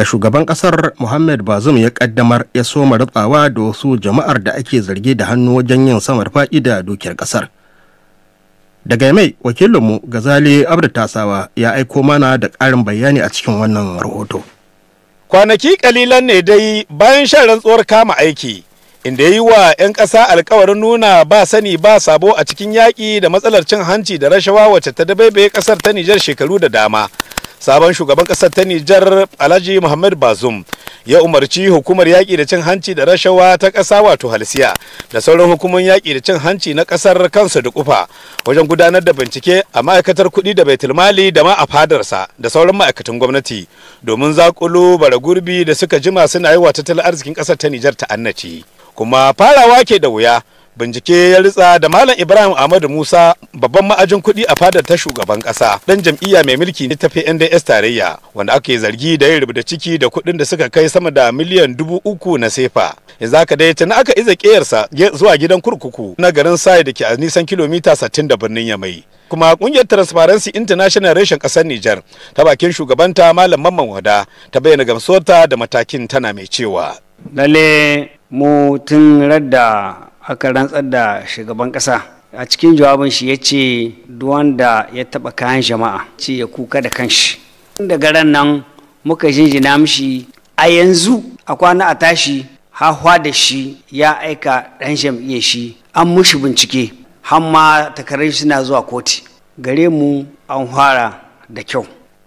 da shugaban kasar Muhammad Bazum ya kaddamar ya soma rutsawa da wasu jama'ar da ake zargi da hannu wajen yin samar fa'ida da dukiyar kasar. Daga mai wakilinmu Gazali Abdu Tasawa ya aiko mana da ƙarin bayani a cikin wannan rahoto. Kwanaki kalilan ne dai bayan shan rantsuwar kama aiki. inda ya yi wa 'yan ƙasa alkawarin nuna ba sani ba sabo a cikin yaƙi da matsalar cin hanci da rashawa wacce ta dabaibaye ƙasar ta Nijar shekaru da dama. sabon shugaban ƙasar ta nijar alhaji muhammad bazum ya umarci hukumar yaƙi da cin hanci da rashawa ta ƙasa wato halsiya da sauran hukumar yaƙi da cin hanci na ƙasar kansu da kufa wajen gudanar da bincike a ma'aikatar kuɗi da baitulmali da ma a fadarsa da sauran ma'aikatan gwamnati domin zakulu bara gurbi da suka jima suna yi wa tattalin arzikin ƙasar ta nijar ta annaci kuma farawa ke da wuya bincike ya ritsa da malam ibrahim ahmadu musa babban ma'ajin kuɗi a fadar ta shugaban ƙasa ɗan jam'iyya mai mulki ta pnds tarayya wanda aka yi zargi da yin rubuta ciki da kuɗin da suka kai sama da miliyan dubu uku na sefa yanzu aka dai na aka iza ƙeyarsa zuwa gidan kurkuku na garin sai da ke a nisan kilomita satin da birnin yamai kuma kungiyar transparency international reshen ƙasar Nijar. ta bakin shugabanta malam mamman wada ta bayyana gamsuwarta da matakin tana mai cewa lalle mu tun radda aka rantsar da shugaban ƙasa a cikin jawabin shi ya ce wanda ya taɓa kayan jama'a ce ya kuka da kanshi daga ran nan muka jinjina mishi a yanzu a kwana a tashi hawa da shi ya aika ɗan jam'iyya shi an mushi bincike hamma takarar suna zuwa koti gare mu an fara da kyau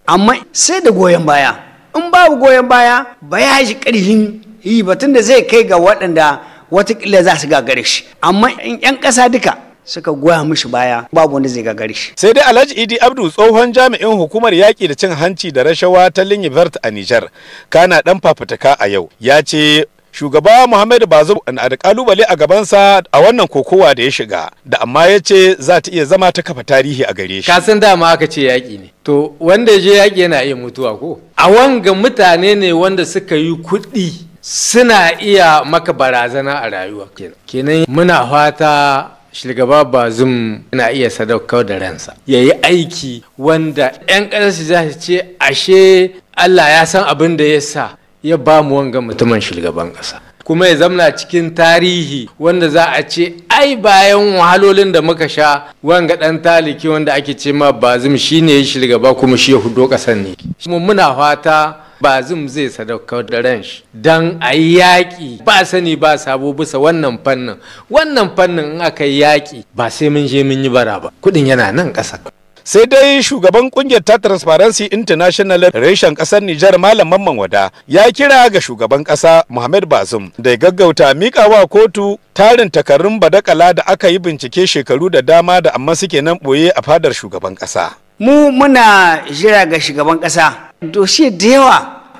amma sai da goyon baya in babu goyon baya ba ya ji ƙarfin yi batun da zai kai ga waɗanda watakila za su gagare shi amma in 'yan ƙasa duka suka goya mishi baya babu wanda zai gagare shi sai dai alhaji idi abdu tsohon jami'in hukumar yaƙi da cin hanci da rashawa ta linyivert a Niger, kana dan fafutuka a yau ya ce shugaba muhammadu bazu na da kalubale a gabansa a wannan kokowa da ya shiga da amma ya ce za ta iya zama ta kafa tarihi a gare shi kasan dama aka ce yaƙi ne to wanda ya je yaƙi yana iya mutuwa ko a wanga mutane ne wanda suka yi kuɗi suna iya maka barazana a rayuwa kenan muna fata shugaba bazum na iya sadaukar da ransa ya yi aiki wanda 'yan ƙasarsu za su ce ashe allah ya san abin da ya sa ya ba mu wanga mutumin shugaban ƙasa kuma ya zamna cikin tarihi wanda za a ce ai bayan wahalolin da muka sha wanga ɗan taliki wanda ake ce ma bazum shine ya shugaba kuma shi ya hudo ƙasar ne muna fata ba zum zai sadaukar da ran shi don a yi yaƙi ba sani ba sabo bisa wannan fannin wannan fannin in aka yi yaƙi ba sai mun je mun yi bara ba kuɗin yana nan ƙasa sai dai shugaban kungiyar ta transparency international reshen kasar Nijar malam mamman wada ya kira ga shugaban kasa Muhammad Bazum da ya gaggauta wa kotu tarin takarrun badakala da aka yi bincike shekaru da dama da amma suke nan ɓoye a fadar shugaban ƙasa. mu muna jira ga shugaban ƙasa doshe da yawa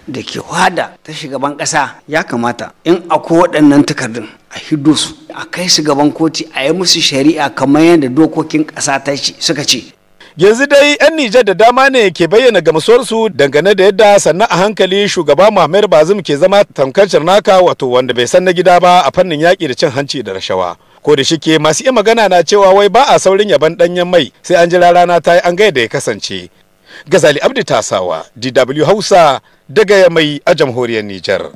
da ke hada ta shugaban ƙasa ya kamata in akwai waɗannan takardun a hiddo su a kai shugaban koti a yi musu shari'a kamar yadda dokokin ƙasa ta suka ce yanzu dai 'yan nijar da dama ne ke bayyana ga gamsuwarsu dangane da yadda sannan a hankali shugaba muhammad bazum ke zama tamkar naka wato wanda bai san na gida ba a fannin yaƙi da cin hanci da rashawa ko da shike masu iya magana na cewa wai ba a saurin yaban danyen mai sai an jira rana ta yi an gaida ya kasance gazali abdi tasawa dw hausa daga ya mai a jamhuriyar nijar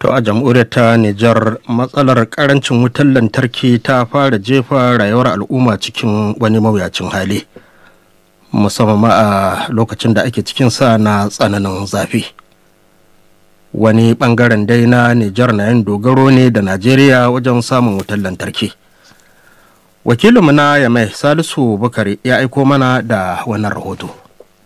To a jamhuriyar ta Nijar matsalar karancin wutar lantarki ta fara jefa rayuwar al'umma cikin wani mawuyacin hali musamman a lokacin da ake cikin sa na tsananin zafi. wani bangaren dai na nijar na yin dogaro ne da najeriya wajen samun wutar lantarki wakilinmu na yamai salisu bukari ya aiko mana da wannan rahoto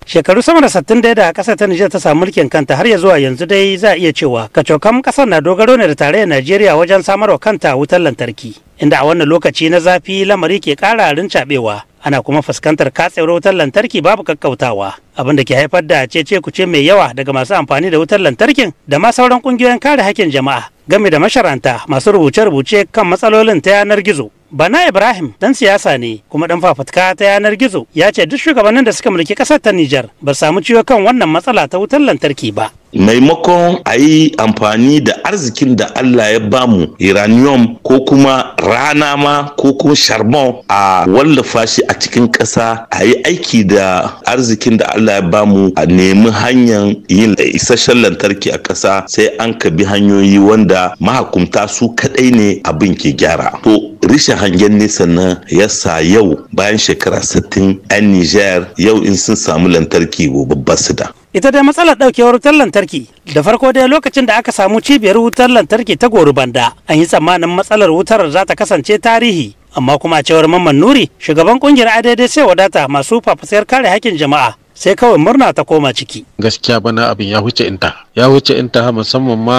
shekaru sama da sattin da da kasar ta Nijar ta samu mulkin kanta har ya zuwa yanzu dai za a iya cewa kacokan ƙasar na dogaro ne da tarayyar Najeriya wajen samarwa kanta wutar lantarki inda a wannan lokaci na zafi lamari ke ƙara rincaɓewa ana kuma fuskantar katsewar wutar lantarki babu kakkautawa abin da ke haifar da cece ce mai yawa daga masu amfani da wutar lantarkin da ma sauran kungiyoyin kare hakkin jama'a game da masharanta masu rubuce-rubuce kan matsalolin ta yanar gizo bana ibrahim dan siyasa ne kuma dan fafatka ta yanar gizo ya ce duk shugabannin da suka mulki kasar ta nijar ba samu ciwo kan wannan matsala ta wutar lantarki ba maimakon a yi amfani da arzikin da Allah ya bamu uranium ko kuma rana ma ko kuma charbon a wallafa shi a cikin ƙasa a yi aiki da arzikin da Allah ya bamu a nemi hanyar yin isasshen lantarki a ƙasa sai an ka bi hanyoyi wanda mahakumta su kaɗai ne abin ke gyara to rishin hangen nesa na yasa yau bayan shekara 60 'yan Nijar yau in sun samu lantarki babbar su da ita dai matsalar daukewar wutar lantarki da farko dai lokacin da aka samu cibiyar wutar lantarki ta gori an yi tsammanin matsalar wutar za ta kasance tarihi amma kuma a cewar mamman nuri shugaban kungiyar adaidai sai wadata masu fafasayar kare hakkin jama'a sai kawai murna ta koma ciki gaskiya bana abin ya wuce inta ya wuce inta musamman ma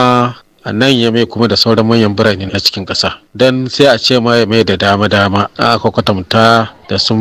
a nan ya mai kuma da sauran manyan birane na cikin kasa Dan sai a ce ma ya mai da dama dama a aka kwatanta da su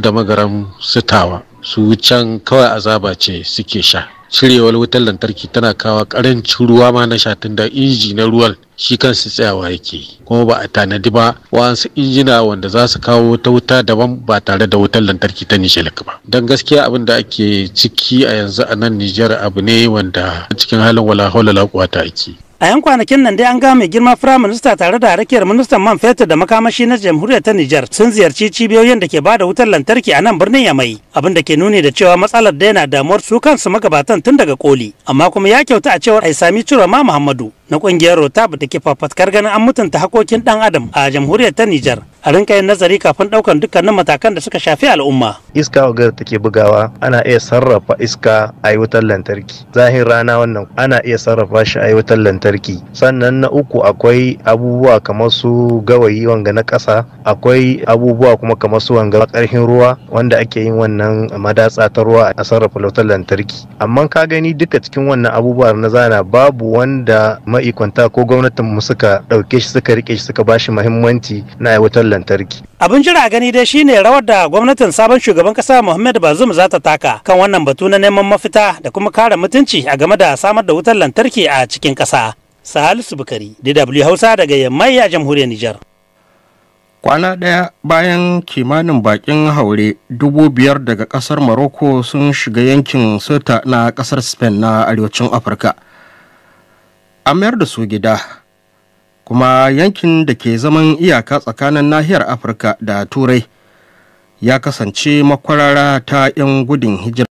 da magaran su tawa su can kawai azaba ce suke sha cirewar wutar lantarki tana kawo karancin ruwa ma na sha da inji na ruwan shi kansu tsayawa yake kuma ba a tanadi ba wasu injina wanda za su kawo wuta wuta daban ba tare da wutar lantarki ta nishelik ba don gaskiya abin da ake ciki a yanzu a nan nijar abu ne wanda cikin halin wala haula ake a yan kwanakin nan dai an ga mai girma firayim minista tare da harakiyar ministan man fetur da makamashi na jamhuriyar ta nijar sun ziyarci cibiyoyin da ke ba da wutar lantarki a nan birnin yamai abin da ke nuni da cewa matsalar da yana damuwar su kansu magabatan tun daga koli amma kuma ya kyauta a cewar ai sami ma muhammadu na kungiyar rotab da ke fafatkar ganin an mutunta hakokin dan adam a jamhuriyar ta nijar a rinka yin nazari kafin daukan dukkanin matakan da suka shafi al'umma. Iska wagar take bugawa ana iya sarrafa iska a wutar lantarki. Zahin rana wannan ana iya sarrafa shi a wutar lantarki. Sannan na uku akwai abubuwa kamar su gawayi wanga na ƙasa, akwai abubuwa kuma kamar su wanga ƙarfin ruwa wanda ake yin wannan madatsa ta ruwa a sarrafa wutar lantarki. Amma ka gani duka cikin wannan abubuwa na zana babu wanda ma'ikwanta ko gwamnatin mu suka ɗauke shi suka rike shi suka bashi muhimmanci na wutar lantarki. Abin jira gani dai shine rawar da gwamnatin sabon shugaban kasa Muhammad Bazoum za ta taka kan wannan batu na neman mafita da kuma kare mutunci a game da samar da wutar lantarki a cikin kasa. Salisu Bukari, DW Hausa daga Yammai a jamhuriyar Nijar. Kwana ɗaya bayan kimanin bakin haure dubu biyar daga ƙasar maroko sun shiga yankin Sota na ƙasar Spain na arewacin Afirka. An mayar da su gida kuma yankin da ke zaman iyaka tsakanin nahiyar afirka da turai ya kasance makwarara ta 'yan gudun hijira